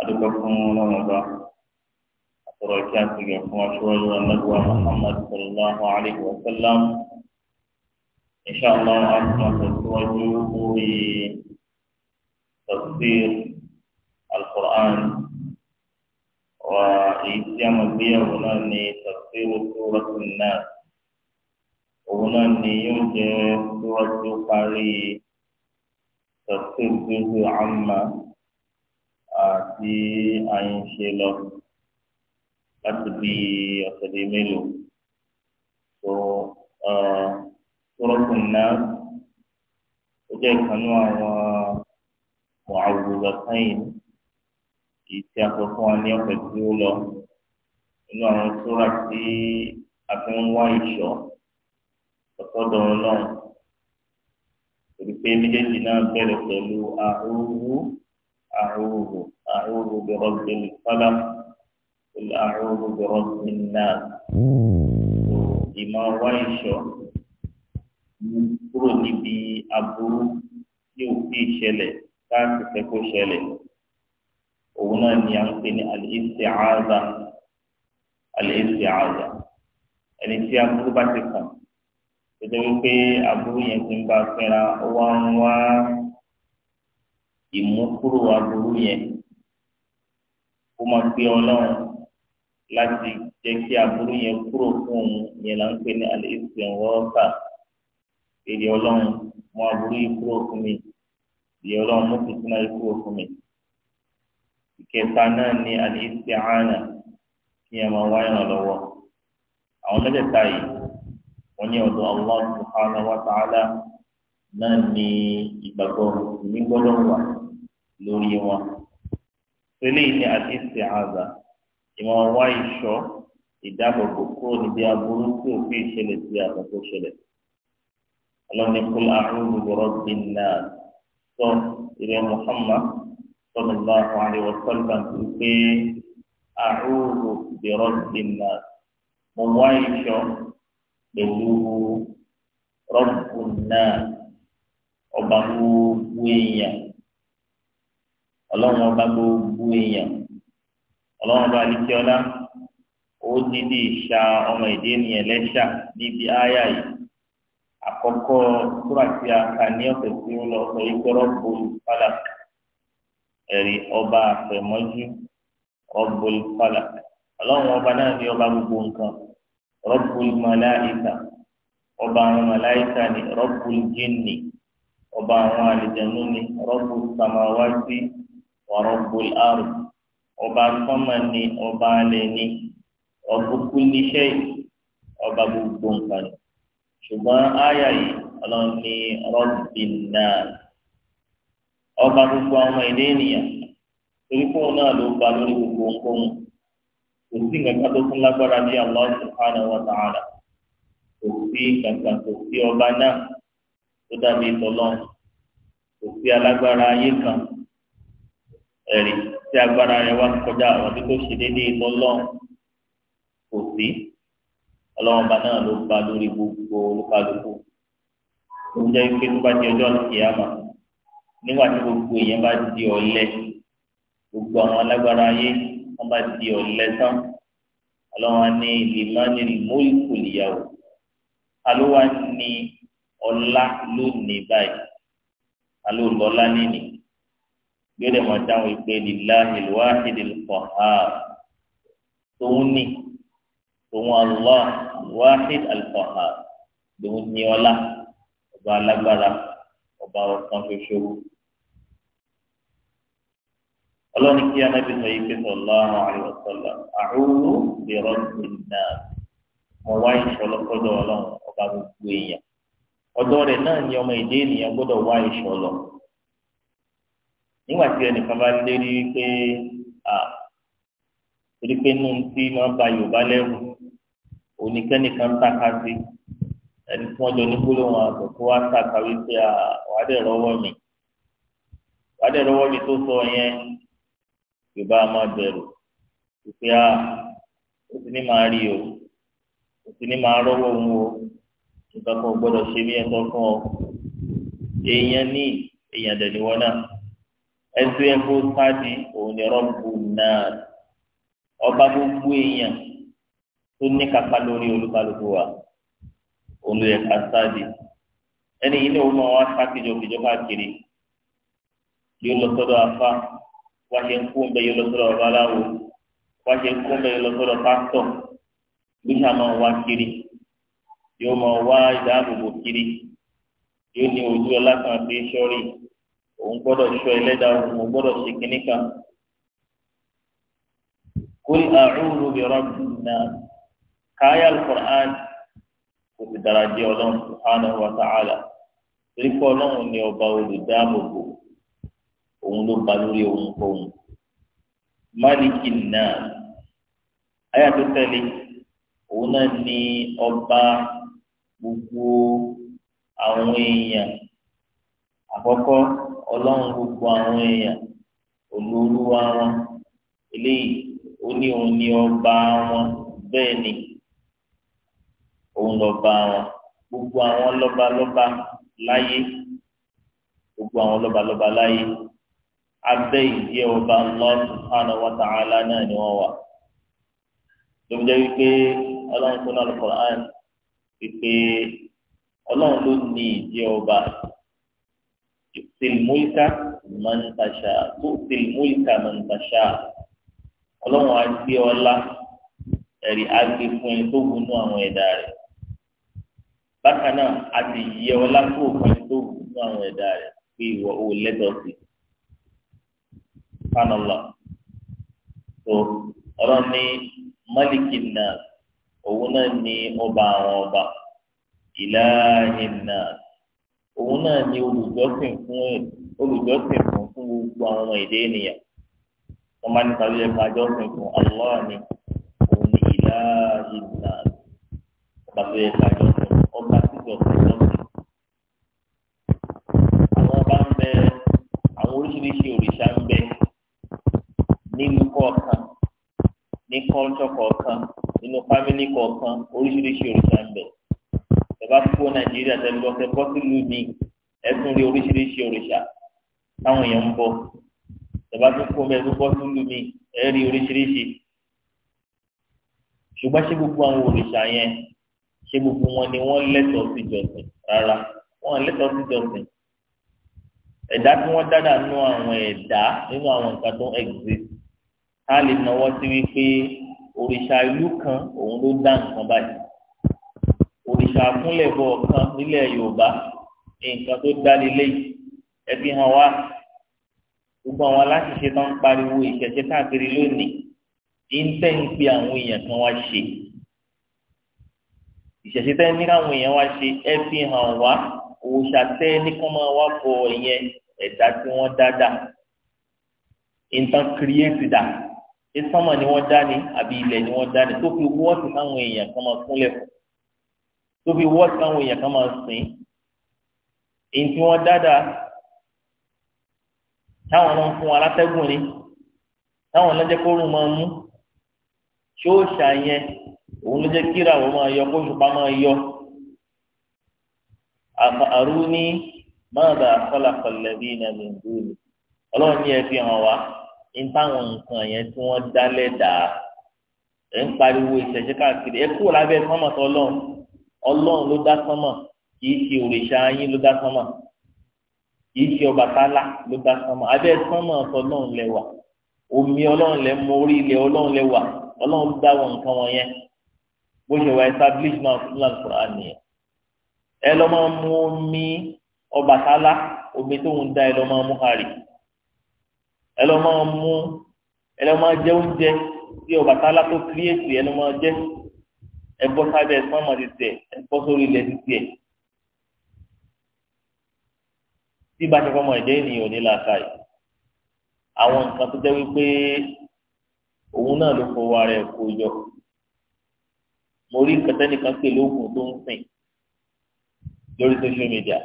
adúgbò fún ọlọ́run ọba àtọ̀rọ̀ kí a ti gẹ̀ fún aṣọ́jú anábùwà muhammad sallallahu alayhi wa sallam inṣàlá a ti máa tẹ̀síwájú lórí tafsir alqur'an wa èyí tí a máa gbéyàwó náà ní tafsir suratul nas òun náà ni yóò jẹ́ sura tó parí tafsir gbogbo àmà. tí a ń ṣe lọ láti bí ọ̀sẹ̀ bíi mélòó tó sọ́rọ́kùn náà ó jẹ́ ìkànnú àwọn mu'awwidhatayn èyí tí a sọ fún wa ní ọ̀sẹ̀ tí ó lọ nínú àwọn sóra tí a fi ń wá ìṣọ́ ọ̀sọ́dọ̀ ọlọ́run torí pé méjèèjì náà bẹ̀rẹ̀ pẹ̀lú ahóhó ahóhó. أعوذ برب الفلق قل أعوذ برب الناس ìmọ̀ wá ìṣọ́ kúrò níbi aburú tí ò fi ṣẹlẹ̀ káàkiri fẹ́ kó ṣẹlẹ̀ òun náà ni à ń pè ní al-isti'aza al-isti'aza ẹni tí aburú bá ti kàn tẹ́tẹ́ wípé aburú yẹn ti ń bá fínra ó wá ń wá ìmúkúrò aburú yẹn kó máa pe ọlọ́run láti jẹ́ kí aburú yẹn kúrò fún òun yẹn là ń pè ní alẹ́ ìsìn wọ́ọ́kà èdè ọlọ́run mú aburú yìí kúrò fún mi èdè ọlọ́run mú fìtínà yìí kúrò fún mi. ìkẹta náà ni alẹ́ ìsìn máa wá ìrànlọ́wọ́ àwọn mẹ́tẹ̀ẹ̀ta yìí wọ́n ní ọ̀dọ̀ Allah subhanahu wa ta'ala náà ni ìgbàgbọ́ ìmígbọ́dọ̀ wà lórí wọn eléyìí ni àti ìsìnàzà ìmọ̀ wá ìṣọ́ ìdáàbòbò kúrò níbi aburú tí òfin ìṣẹ̀lẹ̀ sí àbọ̀ tó ṣẹlẹ̀. ọlọ́ni kul a'udhu bi rabbin nas sọ ìrẹ́ Muhammad sallallahu alaihi wa sallam ti pé a'udhu bi rabbin nas mo wá ìṣọ́ pẹ̀lú rabbun nas ọba gbogbo èèyàn ọlọ́run ọba gbogbo èèyàn ọlọ́run ọba alikiola ó dídí ìṣà ọmọ èdè ènìyàn lẹ́ṣà níbi áyà yìí àkọ́kọ́ túràtí aka ní ọ̀sẹ̀ tí ó lọ sọ ìgbọ́rọ̀ bol falak ẹ̀rí ọba àfẹ̀mọ́jú rọ́bol falak ọlọ́run ọba náà ní ọba gbogbo nǹkan rọ́bol màláìka ọba àwọn màláìka ní rọ́bol jinni ọba àwọn àlìjẹ̀nú ní rọ́bol samawati warabbul ard ọba sọ́mà ni ọba alẹ́ ni ọba kulli shay ọba gbogbo nǹkan ṣùgbọ́n àyà yìí ọlọ́run ní rabbin nas ọba gbogbo àwọn èdè ènìyàn torí fóun náà ló ba lórí gbogbo nǹkan kò sí nǹkan tó fún lágbára bí Allah subhanahu wa ta'ala kò sí kankan kò sí ọba náà tó dàbí tọ́lọ́ kò sí alágbára ayé kan ẹ̀rí tí agbára rẹ̀ wá kọjá àwọn tí kò ṣe déédéé lọ́lọ́run kò sí ọlọ́run ọba náà ló ba lórí gbogbo olúkálukú ó jẹ́ pé tó bá di ọjọ́ ìyáma nígbà tí gbogbo èèyàn bá di ọ̀lẹ gbogbo àwọn alágbára ayé wọ́n bá di ọ̀lẹ tán ọlọ́run á ní ìlímánì mólíkù ìyàwó alówá ní ọlá lónìí báyìí alólọ́lá nínìí yóò lè máa dáhùn ìpè lillahi al-wahid al-qahhar tòun ní tòun allah al-wahid al-qahhar tòun ní ọlá ọba alágbára ọba ọ̀sán ṣoṣo. ọlọ́ni kí anábì sọ yìí pé sallallahu alaihi wasallam a'udhu bi rabbin nas mo wá ọlọ́run ọba gbogbo èèyàn ọ̀dọ̀ rẹ̀ náà ni ọmọ ìdí ènìyàn gbọ́dọ̀ wá ìṣọlọ́ nígbà tí ẹnìkan bá lé rí pé à rí pé inú tí máa ba yorùbá lẹ́rù oníkẹ́nìkan tàka sí ẹni tí wọ́n jọ ní gbólóhùn àgbẹ̀ tó wá tàka wípé à wàá dẹ̀ rọwọ́ mi wàá dẹ̀ rọwọ́ mi tó sọ yẹn yorùbá máa bẹ̀rù wípé à ó ti ní máa rí o ó ti ní máa rọ́wọ́ òun o nǹkan kan gbọ́dọ̀ ṣe bí ẹ sọ fún ọ èèyàn ní èèyàn dẹ̀ ni wọ́n náà ẹtú yẹ kó sáàdì òun ni rọ́pù náà ọba gbogbo èèyàn tó ní kápá lórí olúkálùkù wa òun sáàdì ẹni yìí ni òun máa wá sáàkìjọ kìjọba kiri yóò lọ sọ́dọ̀ afá wá ṣe ń kú ń bẹ yóò lọ sọ́dọ̀ babaláwo wá ṣe ń kú ń bẹ yóò lọ sọ́dọ̀ pásítọ̀ ló ṣáà máa wá kiri yóò máa wá ìdáàbòbò kiri yóò ní ojú ọlá kan fi sọrí òun gbọ́dọ̀ sọ ẹlẹ́dàá òun gbọ́dọ̀ ṣe kínní kan. kúrì àrùn bí rọ́bì náà káyà alukur'an kò sì dára jẹ́ ọlọ́run subhanahu wa ta'ala torí pé ọlọ́run ni ọba olùdáàbòbò òun ló ba lórí ohunkóhun. máàlìkì náà ayà tó tẹ̀lé òun náà ni ọba gbogbo àwọn èèyàn àkọ́kọ́ ọlọ́run gbogbo àwọn èèyàn olóríwá wọn eléyìí ó ní òun ní ọba wọn bẹ́ẹ̀ ni òun lọ́ba wọn gbogbo àwọn lọ́balọ́ba láyé gbogbo àwọn lọ́balọ́ba láyé abẹ́ ìdí ọba Allah subhanahu wa ta'ala náà ni wọ́n wà lóbi jẹ́ wípé ọlọ́run tó náà lọ́kọ̀ọ́ àná wípé ọlọ́run ló ní ìdí ọba ìsìlmúlìkà mọ̀ntàṣà tó ìsìlmúlìkà mọ̀ntàṣà ọlọ́run á gbé ọlá ẹ̀rí á gbé fún ẹni tó wúnú àwọn ẹ̀dá rẹ̀ bákan náà a ti yẹ ọlá tó fún ẹni tó wúnú àwọn ẹ̀dá rẹ̀ pé ìwọ ò lẹ́dọ̀ọ́sì fanọlọ tó ọlọ́run ní mọ́lìkì náà òun náà ní ọba àwọn ọba ìlànà náà òun náà ni olùjọ́sìn fún olùjọ́sìn fún fún gbogbo àwọn ọmọ èdè ènìyàn wọn bá ní sáré ẹ̀ka jọ́sìn fún Allah ni òun ni ìlà ìlà ọba tó yẹ ká jọ́sìn ọba tó jọ́sìn jọ́sìn. àwọn ọba ń bẹ àwọn oríṣiríṣi òrìṣà ń bẹ nílùú kọ̀ọ̀kan ní kọ́ńtọ̀ kọ̀ọ̀kan nínú fámìlì kọ̀ọ̀kan oríṣiríṣi òrìṣà ń bẹ bá kó nàìjíríà tẹ́lẹ̀ ọ̀sẹ̀ bọ́ sílùú ní ẹ̀sùn rí oríṣiríṣi òrìṣà táwọn èèyàn ń bọ ìjọba tó kó mẹ́rin bọ́ sílùú ní ẹ̀rí oríṣiríṣi ṣùgbọ́n ṣé gbogbo àwọn òrìṣà yẹn ṣé gbogbo wọn ni wọ́n lẹ́tọ̀ọ́ sí jọ̀sìn rárá wọ́n lẹ́tọ̀ọ́ sí jọ̀sìn ẹ̀dá tí wọ́n dáadáa nínú àwọn ẹ̀dá nínú àwọn nǹkan tó exist ká lè náwó sí wípé òrìṣà ìlú kan òun ló dá nǹkan báyìí òrìṣà àkúnlẹ̀bọ̀ kan nílẹ̀ yorùbá nǹkan tó dálé léyìí ẹbí hàn wá gbogbo àwọn aláṣiṣẹ́ tó ń pariwo ìṣẹ̀ṣẹ̀ káàkiri lónìí ìńtẹ́ ń pe àwọn èèyàn kan wá ṣe ìṣẹ̀ṣẹ̀ tẹ́ ní káwọn èèyàn wá ṣe ẹ hàn wá òòṣà tẹ́ ní kán máa wá bọ ìyẹn ẹ̀dá tí wọ́n dá dà ìtàn kírìẹ́tì dà ṣé ni wọ́n dá ni àbí ilẹ̀ ni wọ́n dá ni tó fi wọ́ọ̀tì káwọn èèyàn kan máa kúnlẹ̀ fún tó fi wọ́ sáwọn èèyàn kan máa sìn èyí tí wọ́n dáadáa táwọn náà ń fún alátẹ́gùn ni táwọn náà jẹ́ kó rùn máa mú ṣóòṣà yẹn òun ló jẹ́ kíra àwọn máa yọ kó ṣùpá máa yọ àrú ní mọ́ọ̀dà kọ́lákọ́lẹ̀ bíi nàmì ìdúró ọlọ́run ní ẹ fi hàn wá ní táwọn nǹkan yẹn tí wọ́n dálẹ̀ dà ẹ̀ ń pariwo ìṣẹ̀ṣẹ̀ káàkiri ẹ kúrò lábẹ́ sọ́mọ̀tọ́ ọlọ́run ọlọ́run ló dá sánmà kìí ṣe òrìṣà yín ló dá sánmà kìí ṣe Ọbàtálá ló dá sánmà abẹ́ sánmà ọlọ́run lẹ wà omi ọlọ́run lẹ mọ orí ilẹ̀ ọlọ́run lẹ wà ọlọ́run ló dá wọn nǹkan wọn yẹn bó ṣe wà establish náà fún làǹkùrọ̀ àníyàn ẹ lọ́ máa mú omi Ọbàtálá omi tó ń da ẹ lọ́ máa mú harì ẹ lọ́ máa mú ẹ lọ́ máa jẹ oúnjẹ tí Ọbàtálá tó kíríyèsì ẹ lọ́ máa jẹ ẹbọ sábẹ́ sọmọ ti tẹ ẹbọ sórí ilẹ̀ ti tẹ tí bá ti fọmọ ẹ̀jẹ̀ ènìyàn ò ní làákà yìí àwọn nǹkan tó jẹ́ wípé òun náà ló fọwọ́ ara ẹ̀ kó yọ mo rí kẹtẹ́nìkan pè lóògùn tó ń sìn lórí social media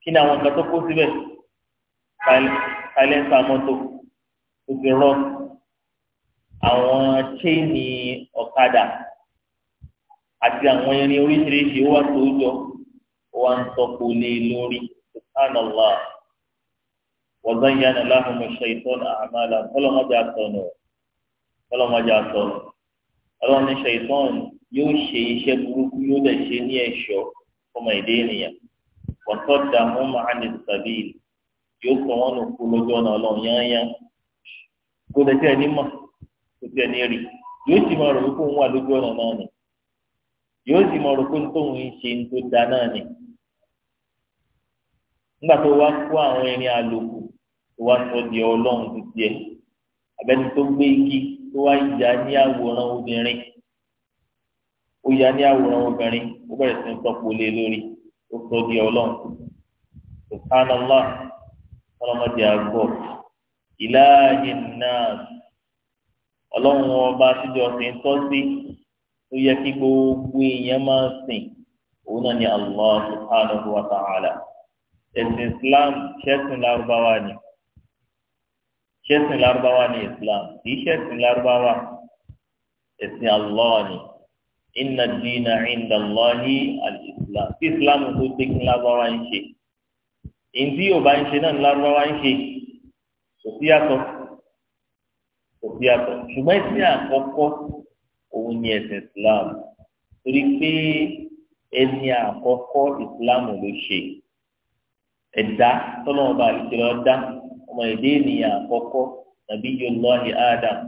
kí ni àwọn nǹkan tó kó síbẹ̀ silence amọ́tò tó fi rọ́ọ̀tù àwọn chéènì ọ̀kadà àti àwọn irin oríṣiríṣi ó wà tó jọ ó wà ń tọ́kù lé lórí subhanallah wa zayyana lahum ash-shaytan a'mala kọ́lọ́mọdé àtọ̀nù kọ́lọ́mọdé àtọ̀nù ọlọ́run ní ṣèyítọ́n yóò ṣe iṣẹ́ burúkú yóò lè ṣe ní ẹ̀ṣọ́ ọmọ èdè ènìyàn wa saddahum 'ani s-sabil yóò sọ wọn nù kú lójú ọ̀nà ọlọ́run yányán kó lè tẹ̀ ní mọ̀ kó tẹ̀ ní rí yóò sì máa rò wípé òun wà lójú ọ̀nà náà nì yóò sì mọ ọ̀rọ̀ pé nítorí òun ṣe ní tó da náà ni nígbà tó wá kó àwọn irin àlòkù tó wá sọ di ọlọ́run títí ẹ abẹ́ni tó gbé igi tó wá yà ní àwòrán obìnrin ó ya ní àwòrán obìnrin ó bẹ̀rẹ̀ sí tọ́pọ̀ lé lórí sọ di ọlọ́run ọlọ́mọdé àgọ́ ọlọ́run ọba síjọ́ sí tó yẹ kí gbogbo èèyàn máa sìn òun náà ni Allah subhanahu wa ta'ala ẹ̀sìn Islam ṣẹ́sìn lárúbáwá ni ṣẹ́sìn lárúbáwá ni Islam kì í ṣẹ́sìn lárúbáwá ẹ̀sìn Allah ni inna dina inda Allahi al-Islam tí Islam tó gbé lárúbáwá ń ṣe ìdí yorùbá ń ṣe náà lárúbáwá ń ṣe kò sí yàtọ̀ kò sí yàtọ̀ ṣùgbọ́n ìsìn àkọ́kọ́ òun ni ẹ̀sìn islam torí pé ẹni àkọ́kọ́ islam ló ṣe ẹ̀dá tọ́lọ́mọba àlùkìlọ̀ ọ̀dá ọmọ èdè ènìyàn àkọ́kọ́ nàbí yọlọ́ọ̀hì adam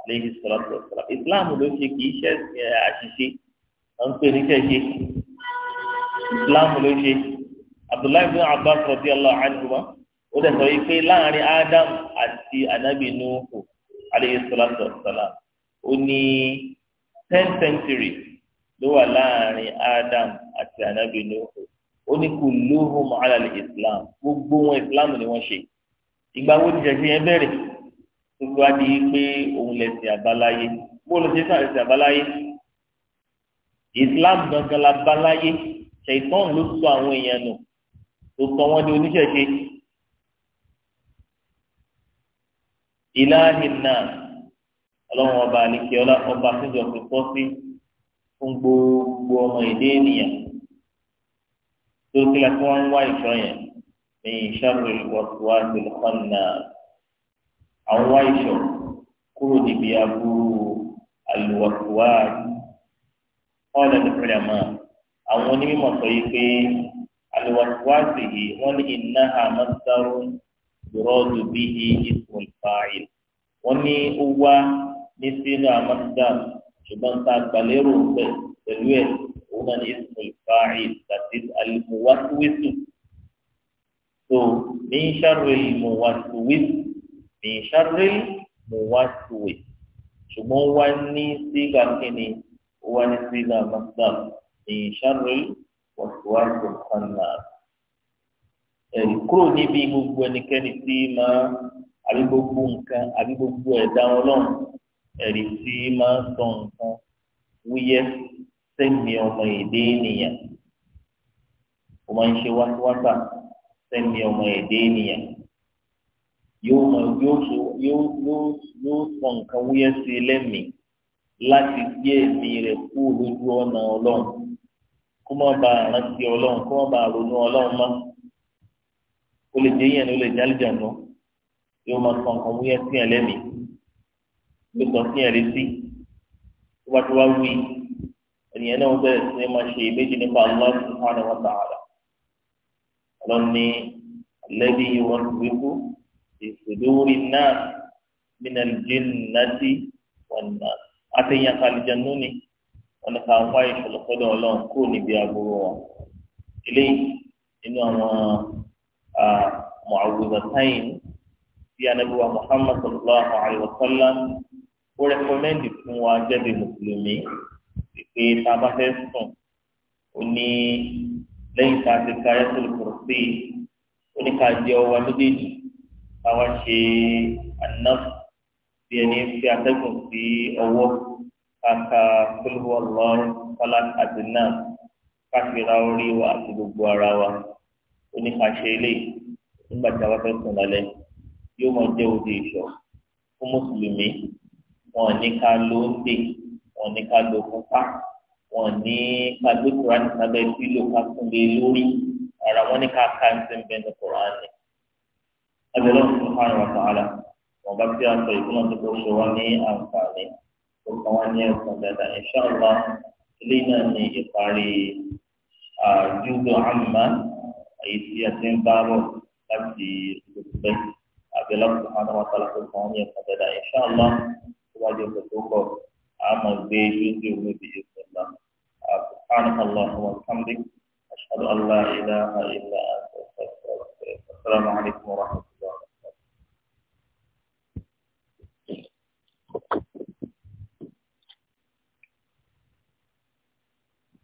aleyhi salatu wa salam islam ló ṣe kì í ṣe àṣìṣe à ń pè ní ṣẹṣe islam ló ṣe abdullahi bin abbas radiyallahu anhuma ó dẹ̀ sọ wípé láàrin adam àti anabi nuhu aleyhi salatu wa ó ní ten century ló wà láàrin Adam àti anabi nuhu ó ní kulluhum ala islam gbogbo wọn islam ni wọ́n ṣe ìgbà wo ti ṣẹ̀ṣẹ̀ yẹn bẹ̀rẹ̀ gbogbo adi pé òun lẹ̀sìn àbáláyé bó ló ṣe sàn lẹ̀sìn àbáláyé islam gangan la báláyé ṣèitán ló sọ àwọn èèyàn nù tó sọ wọn di oníṣẹ̀ṣe ìlàhìn náà ọlọ́run ọba àlekè ọlá ọba fúnjọ fi pọ́ sí fún gbogbo ọmọ èdè ènìyàn tó kílẹ̀ tí wọ́n ń wá ìṣọ́ yẹn lẹ́yìn ìṣàrò ìwọ̀túwà tẹlifọ́n náà àwọn wá ìṣọ́ kúrò níbi aburú àlùwọ̀túwà ọ̀lẹ́ nípìnlẹ̀ mọ́ àwọn onímọ̀ sọ yìí pé àlùwọ̀túwà sì wọ́n ní iná àmọ́sáró yọ̀rọ̀ bíi ìfọ̀nfà yìí wọ́n ní ó wá ní sínú amọ́tàn ṣùgbọ́n tá a gbàlérò pẹ̀ pẹ̀lú ẹ̀ òun náà ní ismul fa'il tàbí alimuwasiwisu tó ní sharril muwasiwis ní sharril muwasiwis ṣùgbọ́n wá ní sígà kínní wá ní sígà amọ́tàn ní sharril wasiwasu khannas kúrò níbi gbogbo ẹnikẹ́ni tí máa àbí gbogbo nǹkan àbí gbogbo ẹ̀dá ọlọ́run ẹ̀rí tí máa ń sọ nǹkan wúyẹ́ sẹ́mi ọmọ èdè ènìyàn ó máa ń ṣe wákàtà sẹ́mi ọmọ èdè ènìyàn yóò mọ yóò sọ yóò yóò yóò sọ nǹkan wúyẹ́ sí i lẹ́mìí láti gbé ẹ̀mí rẹ̀ kú lójú ọ̀nà ọlọ́run kó má bàa rántí ọlọ́run kó má bàa ronú ọlọ́run mọ́ ó jẹ́ yẹn ló lè jálè jàǹdọ́ yóò máa sọ nǹkan wúyẹ́ sí ẹ̀ lẹ́mìí ló sọ sí ẹ̀rí sí tó bá tó wá wí ènìyàn náà bẹ̀rẹ̀ sí ní máa ṣe méjì nípa Allah subhanahu wa ta'ala ọlọ́ni alẹ́bí wọn wíwú ìṣèlúwìn náà min al-jinnati wan nas àtẹ̀yìn àkàlìjẹ̀nú ni wọn ni ká wá ìṣòro sọ́dọ̀ ọlọ́run kó níbi àbúrò wọn eléyìí nínú àwọn mu'awwidhatayn tí anabiwa Muhammad sallallahu alayhi wa sallam ó rẹkọmẹ́ndì fún wa jẹ́bi mùsùlùmí pé tá a bá fẹ́ sùn ó ní lẹ́yìn tá a ti ka ayatollah kùrọ̀sì ó ní ká jẹ ọwọ́ méjèèjì ká wá ṣe anáfù bí ẹni fi atẹ́gùn sí ọwọ́ kàkà kúlùú ọlọ́run kọ́lá àti náà káfíra orí wa àti gbogbo ara wa ó ní ká ṣe eléyìí nígbà tí a bá fẹ́ sùn lálẹ́ yóò máa jẹ́ òde ìṣọ́ fún mùsùlùmí wọn ní ká ló ń dè wọn ní ká ló pupa wọn ní ká gbé kuraani sábẹ́ pílò ká tún lé lórí ara wọn ní ká ká ń sìn bẹ́ẹ̀ ní kuraani. abẹ́rẹ́ òṣèlú kan wà sàálà wọn bá fi àṣọ ìfúnná tó kọ́ ṣe wá ní àǹfààní tó kàn wá ní ẹ̀sán dáadáa ìṣàlá ilé náà ní ìparí àjúgbò àmà èyí tí a ti ń bá bọ̀ láti gbogbo bẹ́ẹ̀ abẹ́rẹ́ òṣèlú kan wà sàálà tó kàn wá ní ẹ̀sán dáadáa ìṣàlá. ìtẹ̀síwájú ọ̀sẹ̀ عمل ń bọ̀ a máa gbé سبحانك وبحمدك أشهد أن لا إله إلا أنت السلام عليكم ورحمة الله وبركاته